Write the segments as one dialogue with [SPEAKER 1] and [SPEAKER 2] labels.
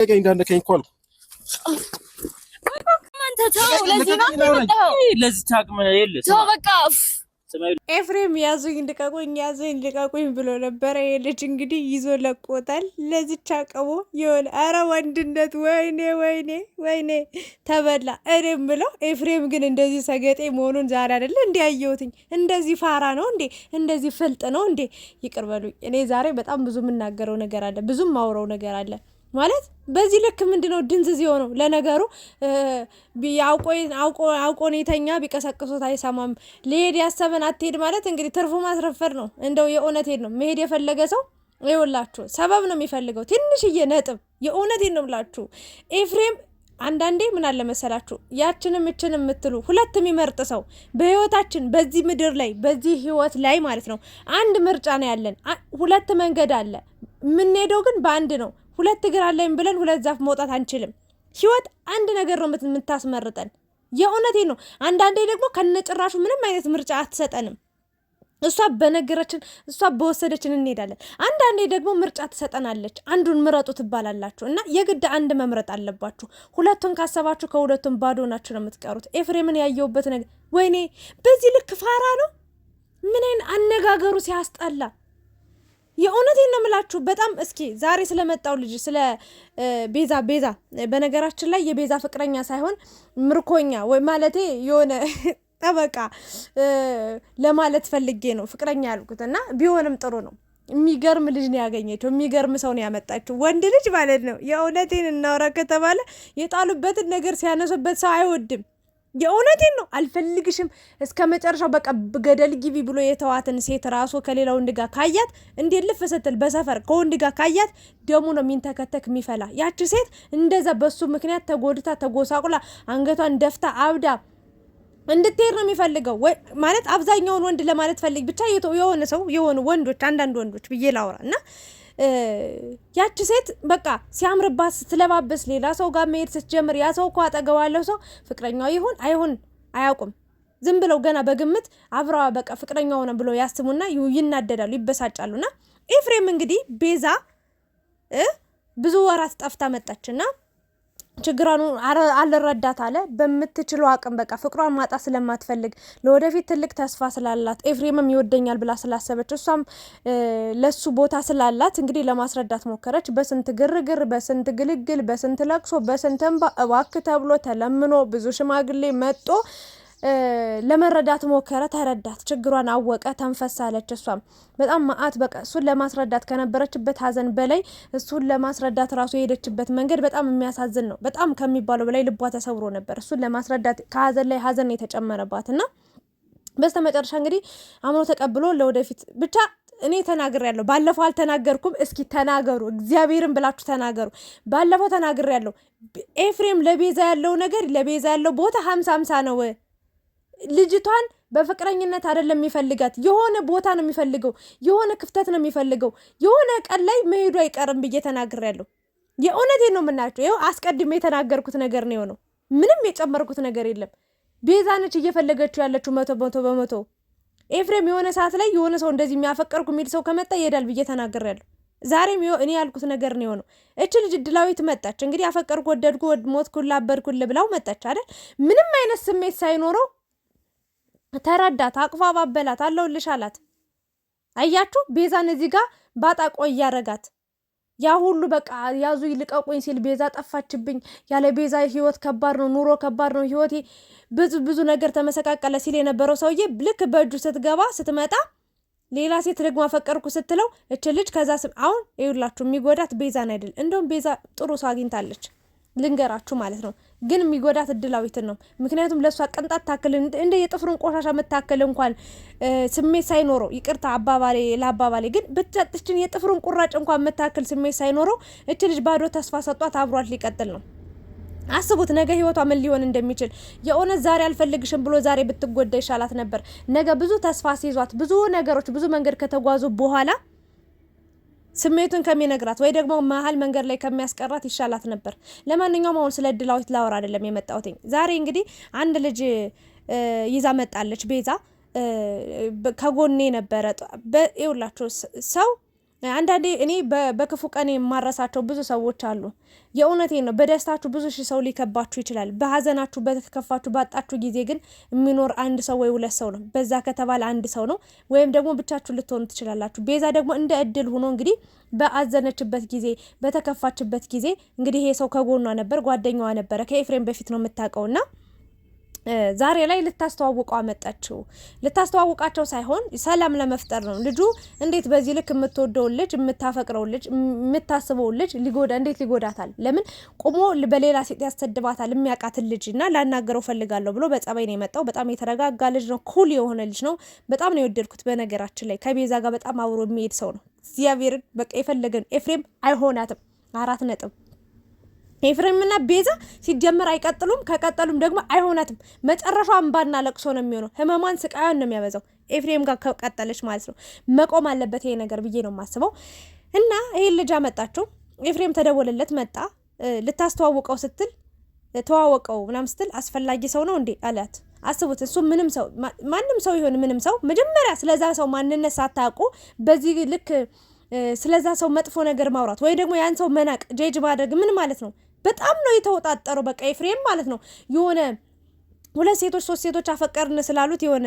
[SPEAKER 1] ነገ እንዳነከኝ እኮ አልኩ።
[SPEAKER 2] ኤፍሬም ያዙኝ ልቀቁኝ፣ ያዙኝ ልቀቁኝ ብሎ ነበረ። የልጅ እንግዲህ ይዞ ለቆታል። ለዚች አቅቦ የሆነ አረ ወንድነት ወይኔ ወይኔ ወይኔ ተበላ። እኔም ብለው ኤፍሬም ግን እንደዚህ ሰገጤ መሆኑን ዛሬ አደለ እንዲ አየሁትኝ። እንደዚህ ፋራ ነው እንዴ? እንደዚህ ፍልጥ ነው እንዴ? ይቅርበሉኝ። እኔ ዛሬ በጣም ብዙ የምናገረው ነገር አለ፣ ብዙም ማውረው ነገር አለ። ማለት በዚህ ልክ ምንድነው ድንዝዝ የሆነው? ለነገሩ አውቆን የተኛ ቢቀሰቅሱት አይሰማም። ሊሄድ ያሰበን አትሄድ ማለት እንግዲህ ትርፉ ማስረፈድ ነው። እንደው የእውነት ሄድ ነው መሄድ የፈለገ ሰው ይውላችሁ፣ ሰበብ ነው የሚፈልገው። ትንሽዬ ነጥብ የእውነት ሄድ ነው ብላችሁ ኤፍሬም አንዳንዴ ምን አለ መሰላችሁ ያችንም እችን የምትሉ ሁለት የሚመርጥ ሰው በህይወታችን በዚህ ምድር ላይ በዚህ ህይወት ላይ ማለት ነው አንድ ምርጫ ነው ያለን። ሁለት መንገድ አለ። የምንሄደው ግን በአንድ ነው። ሁለት እግር አለኝ ብለን ሁለት ዛፍ መውጣት አንችልም። ህይወት አንድ ነገር ነው የምታስመርጠን። የእውነቴ ነው። አንዳንዴ ደግሞ ከነጭራሹ ምንም አይነት ምርጫ አትሰጠንም። እሷ በነገረችን እሷ በወሰደችን እንሄዳለን። አንዳንዴ ደግሞ ምርጫ ትሰጠናለች። አንዱን ምረጡ ትባላላችሁ እና የግድ አንድ መምረጥ አለባችሁ። ሁለቱን ካሰባችሁ ከሁለቱን ባዶ ናችሁ ነው የምትቀሩት። ኤፍሬምን ያየሁበት ነገር ወይኔ፣ በዚህ ልክ ፋራ ነው። ምን አነጋገሩ ሲያስጠላ የእውነት ነው የምላችሁ። በጣም እስኪ ዛሬ ስለመጣው ልጅ ስለ ቤዛ ቤዛ በነገራችን ላይ የቤዛ ፍቅረኛ ሳይሆን ምርኮኛ ወይ ማለቴ የሆነ ጠበቃ ለማለት ፈልጌ ነው ፍቅረኛ ያልኩት እና ቢሆንም ጥሩ ነው። የሚገርም ልጅ ነው ያገኘችው። የሚገርም ሰው ነው ያመጣችው፣ ወንድ ልጅ ማለት ነው። የእውነቴን እናውራ ከተባለ የጣሉበትን ነገር ሲያነሱበት ሰው አይወድም። የእውነቴን ነው አልፈልግሽም እስከ መጨረሻው በቃ ገደል ግቢ ብሎ የተዋትን ሴት ራሱ ከሌላ ወንድ ጋር ካያት እንዴት ልፍ ስትል በሰፈር ከወንድ ጋር ካያት ደሙ ነው የሚንተከተክ የሚፈላ። ያቺ ሴት እንደዛ በሱ ምክንያት ተጎድታ ተጎሳቁላ አንገቷን ደፍታ አብዳ እንድትሄድ ነው የሚፈልገው። ማለት አብዛኛውን ወንድ ለማለት ፈልግ ብቻ የሆነ ሰው የሆኑ ወንዶች አንዳንድ ወንዶች ብዬ ላውራ እና ያቺ ሴት በቃ ሲያምርባት ስትለባበስ ሌላ ሰው ጋር መሄድ ስትጀምር ያ ሰው እኮ አጠገባለሁ ያለው ሰው ፍቅረኛው ይሁን አይሁን አያውቁም። ዝም ብለው ገና በግምት አብረዋ በቃ ፍቅረኛው ሆነ ብለው ያስቡና ይናደዳሉ፣ ይበሳጫሉና ኤፍሬም እንግዲህ ቤዛ ብዙ ወራት ጠፍታ መጣችና ችግሯን አልረዳት አለ። በምትችለው አቅም በቃ ፍቅሯን ማጣት ስለማትፈልግ ለወደፊት ትልቅ ተስፋ ስላላት ኤፍሬምም ይወደኛል ብላ ስላሰበች እሷም ለሱ ቦታ ስላላት እንግዲህ ለማስረዳት ሞከረች። በስንት ግርግር፣ በስንት ግልግል፣ በስንት ለቅሶ፣ በስንት እንባ እባክ ተብሎ ተለምኖ ብዙ ሽማግሌ መጦ ለመረዳት ሞከረ፣ ተረዳት፣ ችግሯን አወቀ፣ አለች። እሷም በጣም ማአት በቃ እሱን ለማስረዳት ከነበረችበት ሀዘን በላይ እሱን ለማስረዳት ራሱ የሄደችበት መንገድ በጣም የሚያሳዝን ነው። በጣም ከሚባለው በላይ ልቧ ተሰብሮ ነበር። እሱን ለማስረዳት ከሀዘን ላይ ሀዘን የተጨመረባት እና በስተ መጨረሻ እንግዲህ አምኖ ተቀብሎ ለወደፊት ብቻ እኔ ያለሁ ባለፈው አልተናገርኩም። እስኪ ተናገሩ፣ እግዚአብሔርን ብላችሁ ተናገሩ። ባለፈው ያለሁ ኤፍሬም ለቤዛ ያለው ነገር ለቤዛ ያለው ቦታ ሀምሳ ሀምሳ ነው ልጅቷን በፍቅረኝነት አይደለም የሚፈልጋት፣ የሆነ ቦታ ነው የሚፈልገው፣ የሆነ ክፍተት ነው የሚፈልገው። የሆነ ቀን ላይ መሄዱ አይቀርም ብዬ ተናግሬያለሁ። የእውነት ነው የምናቸው። ይኸው አስቀድሜ የተናገርኩት ነገር ነው የሆነው። ምንም የጨመርኩት ነገር የለም። ቤዛነች እየፈለገችው ያለችው መቶ መቶ በመቶ ኤፍሬም የሆነ ሰዓት ላይ የሆነ ሰው እንደዚህ የሚያፈቀርኩ የሚል ሰው ከመጣ ይሄዳል ብዬ ተናግሬያለሁ። ዛሬም እኔ ያልኩት ነገር ነው የሆነው። እች ልጅ እድላዊት መጣች እንግዲህ፣ አፈቀርኩ፣ ወደድኩ፣ ሞትኩ፣ ላበድኩል ብላው መጣች አይደል? ምንም አይነት ስሜት ሳይኖረው ተረዳት፣ አቅፋባበላት፣ አለውልሽ አላት። አያችሁ ቤዛን እዚህ ጋር ባጣቆ እያረጋት ያ ሁሉ በቃ ያዙ ይልቀቁኝ ሲል ቤዛ ጠፋችብኝ፣ ያለ ቤዛ ህይወት ከባድ ነው፣ ኑሮ ከባድ ነው፣ ህይወቴ ብዙ ብዙ ነገር ተመሰቃቀለ ሲል የነበረው ሰውዬ ልክ በእጁ ስትገባ ስትመጣ ሌላ ሴት ደግሞ አፈቀርኩ ስትለው እች ልጅ ከዛ ስም አሁን ይውላችሁ የሚጎዳት ቤዛን አይደል። እንደውም ቤዛ ጥሩ ሰው አግኝታለች፣ ልንገራችሁ ማለት ነው። ግን የሚጎዳት እድላዊትን ነው። ምክንያቱም ለእሷ ቅንጣት ታክል እንደ የጥፍሩን ቆሻሻ መታከል እንኳን ስሜት ሳይኖረው ይቅርታ አባባሌ ለአባባሌ ግን ብቻችን የጥፍሩን ቁራጭ እንኳን መታከል ስሜት ሳይኖረው እች ልጅ ባዶ ተስፋ ሰጧት። አብሯት ሊቀጥል ነው። አስቡት ነገ ህይወቷ ምን ሊሆን እንደሚችል። የእውነት ዛሬ አልፈልግሽም ብሎ ዛሬ ብትጎዳ ይሻላት ነበር። ነገ ብዙ ተስፋ ሲይዟት ብዙ ነገሮች ብዙ መንገድ ከተጓዙ በኋላ ስሜቱን ከሚነግራት ወይ ደግሞ መሀል መንገድ ላይ ከሚያስቀራት ይሻላት ነበር። ለማንኛውም አሁን ስለ እድላዊት ላወር አይደለም የመጣሁትኝ። ዛሬ እንግዲህ አንድ ልጅ ይዛ መጣለች ቤዛ ከጎኔ ነበረ። ይኸውላችሁ ሰው አንዳንዴ እኔ በክፉ ቀን የማረሳቸው ብዙ ሰዎች አሉ። የእውነቴ ነው። በደስታችሁ ብዙ ሺህ ሰው ሊከባችሁ ይችላል። በሀዘናችሁ፣ በተከፋችሁ፣ ባጣችሁ ጊዜ ግን የሚኖር አንድ ሰው ወይ ሁለት ሰው ነው። በዛ ከተባለ አንድ ሰው ነው። ወይም ደግሞ ብቻችሁ ልትሆኑ ትችላላችሁ። ቤዛ ደግሞ እንደ እድል ሆኖ እንግዲህ በአዘነችበት ጊዜ፣ በተከፋችበት ጊዜ እንግዲህ ይሄ ሰው ከጎኗ ነበር፣ ጓደኛዋ ነበረ። ከኤፍሬም በፊት ነው የምታውቀውና ዛሬ ላይ ልታስተዋውቀው አመጣችው። ልታስተዋውቃቸው ሳይሆን ሰላም ለመፍጠር ነው። ልጁ እንዴት በዚህ ልክ የምትወደውን ልጅ የምታፈቅረውን ልጅ የምታስበውን ልጅ ሊጎዳ እንዴት ሊጎዳታል? ለምን ቆሞ በሌላ ሴት ያስተድባታል? የሚያውቃትን ልጅ እና ላናገረው ፈልጋለሁ ብሎ በጸባይ ነው የመጣው። በጣም የተረጋጋ ልጅ ነው። ኩል የሆነ ልጅ ነው። በጣም ነው የወደድኩት። በነገራችን ላይ ከቤዛ ጋር በጣም አብሮ የሚሄድ ሰው ነው። እግዚአብሔርን በቃ የፈለገን ኤፍሬም አይሆናትም። አራት ነጥብ ኤፍሬምና ቤዛ ሲጀመር አይቀጥሉም። ከቀጠሉም ደግሞ አይሆናትም። መጨረሻው እንባና ለቅሶ ነው የሚሆነው። ህመሟን ስቃያን ነው የሚያበዛው ኤፍሬም ጋር ከቀጠለች ማለት ነው። መቆም አለበት ይሄ ነገር ብዬ ነው የማስበው። እና ይህን ልጅ አመጣችው። ኤፍሬም ተደወለለት፣ መጣ። ልታስተዋውቀው ስትል ተዋወቀው ምናምን ስትል አስፈላጊ ሰው ነው እንዴ አላት። አስቡት። እሱ ምንም ሰው ማንም ሰው ይሆን ምንም ሰው መጀመሪያ ስለዛ ሰው ማንነት ሳታውቁ በዚህ ልክ ስለዛ ሰው መጥፎ ነገር ማውራት ወይ ደግሞ ያን ሰው መናቅ ጄጅ ማድረግ ምን ማለት ነው? በጣም ነው የተወጣጠረው። በቃ ኤፍሬም ማለት ነው የሆነ ሁለት ሴቶች ሶስት ሴቶች አፈቀርን ስላሉት የሆነ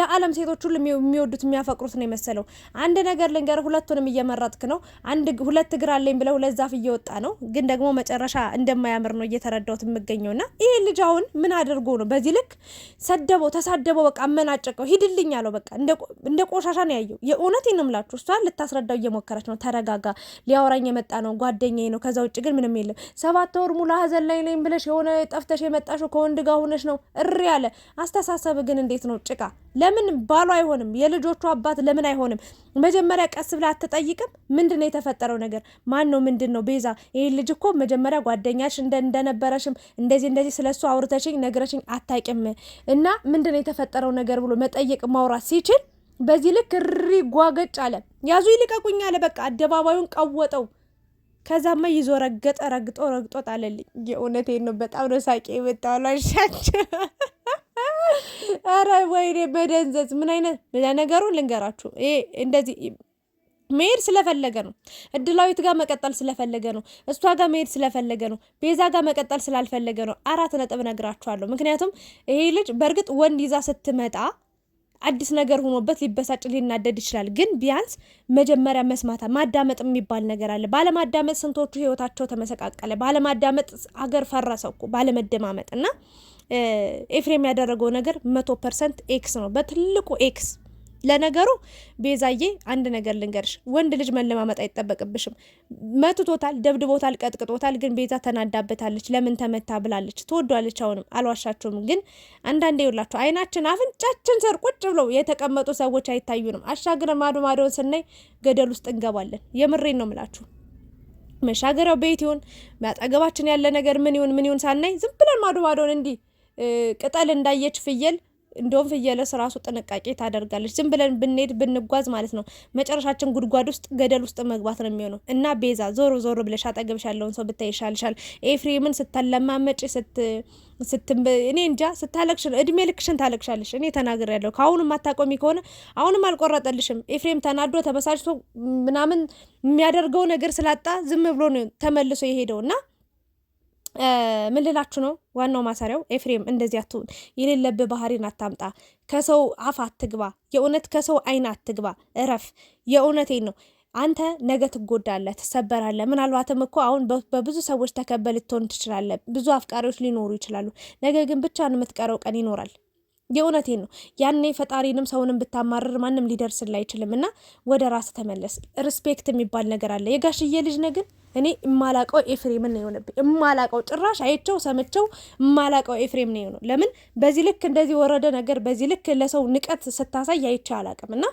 [SPEAKER 2] የዓለም ሴቶች ሁሉ የሚወዱት የሚያፈቅሩት ነው የመሰለው። አንድ ነገር ልንገር፣ ሁለቱንም እየመረጥክ ነው። አንድ ሁለት እግር አለኝ ብለ ሁለት ዛፍ እየወጣ ነው፣ ግን ደግሞ መጨረሻ እንደማያምር ነው እየተረዳሁት የምገኘው። ና ይሄ ልጅ አሁን ምን አድርጎ ነው በዚህ ልክ ሰደበው፣ ተሳደበው፣ በቃ አመናጨቀው፣ ሂድልኝ አለው። በቃ እንደ ቆሻሻ ነው ያየው። የእውነት ነው የምላችሁ። እሷን ልታስረዳው እየሞከረች ነው። ተረጋጋ፣ ሊያወራኝ የመጣ ነው ጓደኛዬ ነው። ከዛ ውጭ ግን ምንም የለም። ሰባት ወር ሙሉ ሀዘን ላይ ነኝ ብለሽ የሆነ ጠፍተሽ የመጣሽው ከወንድ ጋር ሆነሽ ነው። እሪ ያለ አስተሳሰብ ግን እንዴት ነው ጭቃ ለምን ባሉ አይሆንም? የልጆቹ አባት ለምን አይሆንም? መጀመሪያ ቀስ ብላ አትጠይቅም? ምንድን ነው የተፈጠረው ነገር? ማን ነው? ምንድን ነው? ቤዛ ይህ ልጅ እኮ መጀመሪያ ጓደኛሽ እንደነበረሽም እንደዚህ እንደዚህ ስለ እሱ አውርተሽኝ ነግረሽኝ አታውቂም እና ምንድን ነው የተፈጠረው ነገር ብሎ መጠየቅ ማውራት ሲችል በዚህ ልክ እሪ ጓገጭ አለ። ያዙ ይልቀቁኝ አለ። በቃ አደባባዩን ቀወጠው። ከዛማ ይዞ ረገጠ። ረግጦ ረግጦ ጣለልኝ። የእውነቴን ነው። በጣም ነው ሳቄ የመጣ አረ ወይኔ መደንዘዝ ምን አይነት ለነገሩ ልንገራችሁ፣ ይሄ እንደዚህ መሄድ ስለፈለገ ነው። እድላዊት ጋር መቀጠል ስለፈለገ ነው። እሷ ጋር መሄድ ስለፈለገ ነው። ቤዛ ጋር መቀጠል ስላልፈለገ ነው። አራት ነጥብ ነግራችኋለሁ። ምክንያቱም ይሄ ልጅ በእርግጥ ወንድ ይዛ ስትመጣ አዲስ ነገር ሆኖበት ሊበሳጭ ሊናደድ ይችላል። ግን ቢያንስ መጀመሪያ መስማት ማዳመጥ የሚባል ነገር አለ። ባለማዳመጥ ስንቶቹ ህይወታቸው ተመሰቃቀለ። ባለማዳመጥ አገር ፈረሰው እኮ ባለመደማመጥ እና ኤፍሬም ያደረገው ነገር መቶ ፐርሰንት ኤክስ ነው፣ በትልቁ ኤክስ ለነገሩ ቤዛዬ አንድ ነገር ልንገርሽ፣ ወንድ ልጅ መለማመጥ አይጠበቅብሽም። መትቶታል፣ ደብድቦታል፣ ቀጥቅጦታል። ግን ቤዛ ተናዳበታለች። ለምን ተመታ ብላለች። ትወዷለች። አሁንም አልዋሻችሁም። ግን አንዳንዴ ይውላችሁ አይናችን አፍንጫችን ስር ቁጭ ብለው የተቀመጡ ሰዎች አይታዩንም። አሻግረን ማዶ ማዶን ስናይ ገደል ውስጥ እንገባለን። የምሬን ነው ምላችሁ። መሻገሪያው ቤት ይሁን አጠገባችን ያለ ነገር ምን ይሁን ምን ይሁን ሳናይ ዝም ብለን ማዶ ማዶን እንዲህ ቅጠል እንዳየች ፍየል እንደውም ፍየለስ ራሱ ጥንቃቄ ታደርጋለች። ዝም ብለን ብንሄድ ብንጓዝ ማለት ነው መጨረሻችን ጉድጓድ ውስጥ ገደል ውስጥ መግባት ነው የሚሆነው። እና ቤዛ ዞሮ ዞሮ ብለሽ አጠገብሽ ያለውን ሰው ብታይ ይሻልሻል። ኤፍሬምን ስታለማመጭ እኔ እንጃ ስታለቅሽ እድሜ ልክሽን ታለቅሻለሽ። እኔ ተናግር ያለው ከአሁኑ ማታቆሚ ከሆነ አሁንም አልቆረጠልሽም። ኤፍሬም ተናዶ ተበሳጭቶ ምናምን የሚያደርገው ነገር ስላጣ ዝም ብሎ ነው ተመልሶ የሄደው እና ምን ልላችሁ ነው? ዋናው ማሰሪያው ኤፍሬም እንደዚህ አትሁን፣ የሌለብህ ባህሪን አታምጣ፣ ከሰው አፍ አትግባ፣ የእውነት ከሰው አይን አትግባ፣ እረፍ። የእውነቴን ነው። አንተ ነገ ትጎዳለህ፣ ትሰበራለህ። ምናልባትም እኮ አሁን በብዙ ሰዎች ተከበ ልትሆን ትችላለህ። ብዙ አፍቃሪዎች ሊኖሩ ይችላሉ። ነገ ግን ብቻን የምትቀረው ቀን ይኖራል። የእውነቴን ነው። ያኔ ፈጣሪንም ሰውንም ብታማርር ማንም ሊደርስልህ አይችልም እና ወደ ራስ ተመለስ። ሪስፔክት የሚባል ነገር አለ። የጋሽዬ ልጅ ነህ ግን እኔ እማላቀው ኤፍሬም ነው የሆነብኝ። እማላቀው ጭራሽ አይቸው ሰምቸው እማላቀው ኤፍሬም ነው የሆነው። ለምን በዚህ ልክ እንደዚህ ወረደ ነገር በዚህ ልክ ለሰው ንቀት ስታሳይ አይቸው አላቅም። እና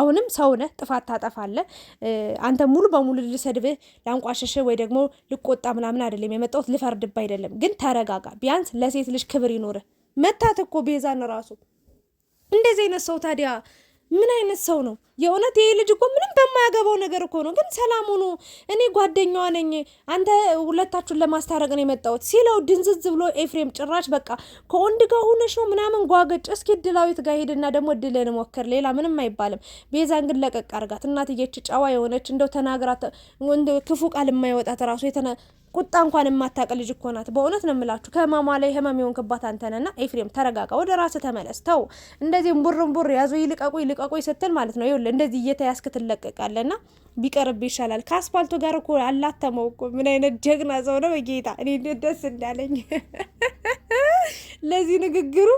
[SPEAKER 2] አሁንም ሰው ነህ፣ ጥፋት ታጠፋለህ። አንተ ሙሉ በሙሉ ልሰድብህ፣ ላንቋሸሽህ ወይ ደግሞ ልቆጣ ምናምን አይደለም የመጣሁት ልፈርድብህ አይደለም። ግን ተረጋጋ። ቢያንስ ለሴት ልጅ ክብር ይኖርህ። መታት እኮ ቤዛን ራሱ እንደዚህ አይነት ሰው ታዲያ ምን አይነት ሰው ነው? የእውነት ይሄ ልጅ እኮ ምንም በማያገባው ነገር እኮ ነው። ግን ሰላም ሆኖ እኔ ጓደኛዋ ነኝ፣ አንተ ሁለታችሁን ለማስታረቅ ነው የመጣሁት ሲለው ድንዝዝ ብሎ ኤፍሬም ጭራሽ በቃ ከወንድ ጋር ሁነሽ ነው ምናምን ጓገጭ። እስኪ እድላዊት ጋር ሄድና ደግሞ እድልን ሞክር፣ ሌላ ምንም አይባልም። ቤዛን ግን ለቀቅ አርጋት። እናትዬች ጨዋ የሆነች እንደው ተናግራ ክፉ ቃል የማይወጣት ራሱ ቁጣ እንኳን የማታውቅ ልጅ እኮ ናት። በእውነት ነው የምላችሁ። ከህማማ ላይ ህመም የሆንክባት አንተነና ኤፍሬም ተረጋጋ፣ ወደ ራስ ተመለስ። ተው እንደዚህ ቡርንቡር ያዙ ይልቀቁ ይልቀቁ ስትል ማለት ነው ይኸውልህ፣ እንደዚህ እየተያዝክ ትለቀቃለና ቢቀርብ ይሻላል። ከአስፋልቱ ጋር እኮ አላተመው እኮ ምን አይነት ጀግና ሰው ነው በጌታ! እኔ ደስ እንዳለኝ ለዚህ ንግግሩ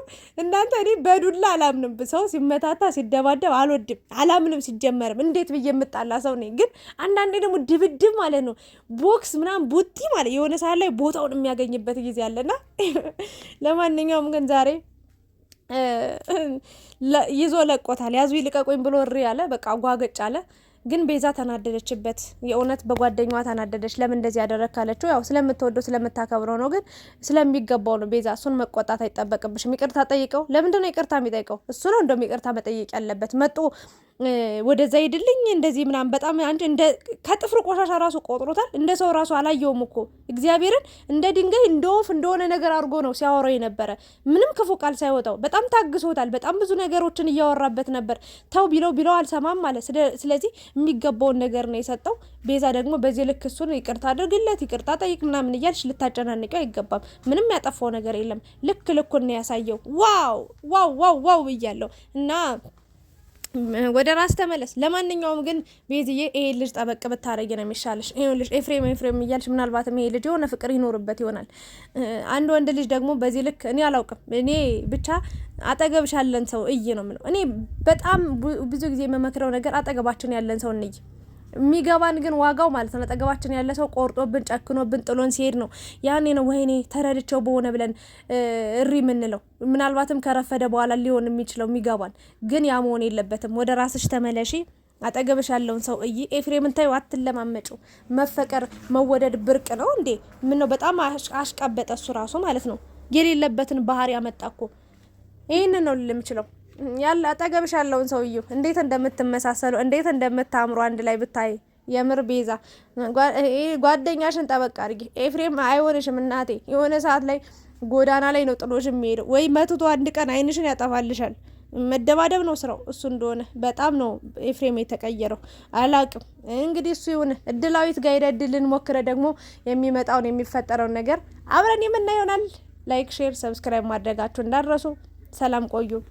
[SPEAKER 2] እናንተ። እኔ በዱላ አላምንም፣ ሰው ሲመታታ ሲደባደብ አልወድም፣ አላምንም። ሲጀመርም እንዴት ብዬ የምጣላ ሰው ነኝ። ግን አንዳንዴ ደግሞ ድብድብ ማለት ነው ቦክስ ምናምን ቡጢ ማለት የሆነ ሰዓት ላይ ቦታውን የሚያገኝበት ጊዜ አለና ለማንኛውም ግን ዛሬ ይዞ ለቆታል። ያዙ ይልቀቁኝ ብሎ እሪ አለ። በቃ ጓገጭ አለ። ግን ቤዛ ተናደደችበት። የእውነት በጓደኛዋ ተናደደች። ለምን እንደዚህ ያደረግ ካለችው ያው ስለምትወደው ስለምታከብረው ነው። ግን ስለሚገባው ነው። ቤዛ እሱን መቆጣት አይጠበቅብሽም። ይቅርታ ጠይቀው። ለምንድነው ይቅርታ የሚጠይቀው? እሱ ነው እንደውም ይቅርታ መጠየቅ ያለበት። መጡ ወደዛ ሄድልኝ እንደዚህ ምናምን በጣም አንቺ እንደ ከጥፍሩ ቆሻሻ ራሱ ቆጥሮታል። እንደ ሰው ራሱ አላየውም እኮ እግዚአብሔርን እንደ ድንጋይ እንደ ወፍ እንደሆነ ነገር አድርጎ ነው ሲያወራው የነበረ። ምንም ክፉ ቃል ሳይወጣው በጣም ታግሶታል። በጣም ብዙ ነገሮችን እያወራበት ነበር። ተው ቢለው ቢለው አልሰማም ማለት ስለዚህ የሚገባውን ነገር ነው የሰጠው። ቤዛ ደግሞ በዚህ ልክ እሱን ይቅርታ አድርግለት፣ ይቅርታ ጠይቅ ምናምን እያልሽ ልታጨናንቀው አይገባም። ምንም ያጠፋው ነገር የለም። ልክ ልኩን ነው ያሳየው። ዋው ዋው ዋው ዋው እያለው እና ወደ ራስ ተመለስ። ለማንኛውም ግን ቤዝዬ ይሄ ልጅ ጠበቅ ብታረጊ ነው የሚሻለሽ። ይሄ ልጅ ኤፍሬም ኤፍሬም እያልሽ ምናልባትም ይሄ ልጅ የሆነ ፍቅር ይኖርበት ይሆናል። አንድ ወንድ ልጅ ደግሞ በዚህ ልክ እኔ አላውቅም። እኔ ብቻ አጠገብሽ ያለን ሰው እይ ነው የምለው። እኔ በጣም ብዙ ጊዜ የምመክረው ነገር አጠገባችን ያለን ሰው እንይ የሚገባን ግን ዋጋው ማለት ነው። አጠገባችን ያለ ሰው ቆርጦብን ጨክኖብን ጥሎን ሲሄድ ነው። ያኔ ነው ወይኔ ተረድቸው በሆነ ብለን እሪ የምንለው። ምናልባትም ከረፈደ በኋላ ሊሆን የሚችለው የሚገባን ግን ያ መሆን የለበትም። ወደ ራስሽ ተመለሺ። አጠገብሽ ያለውን ሰው እይ። ኤፍሬምን ታዩ አትለማመጭው። መፈቀር መወደድ ብርቅ ነው እንዴ? ምን ነው በጣም አሽቃበጠ እሱ ራሱ ማለት ነው። የሌለበትን ባህሪ ያመጣ ይህንን ነው ልል የምችለው። ያለ አጠገብሽ ያለውን ሰውዬው እንዴት እንደምትመሳሰሉ እንዴት እንደምታምሩ አንድ ላይ ብታይ የምር ቤዛ ጓደኛሽን ጠበቅ አድርጊ። ኤፍሬም አይሆንሽም እናቴ። የሆነ ሰዓት ላይ ጎዳና ላይ ነው ጥሎሽ የሚሄደው፣ ወይ መትቶ አንድ ቀን አይንሽን ያጠፋልሻል። መደባደብ ነው ስራው እሱ እንደሆነ በጣም ነው ኤፍሬም የተቀየረው። አላቅም እንግዲህ እሱ ይሁን። እድላዊት ጋር ሄደ እድልን ሞክረ ደግሞ የሚመጣውን የሚፈጠረውን ነገር አብረን የምና ይሆናል። ላይክ፣ ሼር፣ ሰብስክራይብ ማድረጋችሁ እንዳረሱ። ሰላም ቆዩ።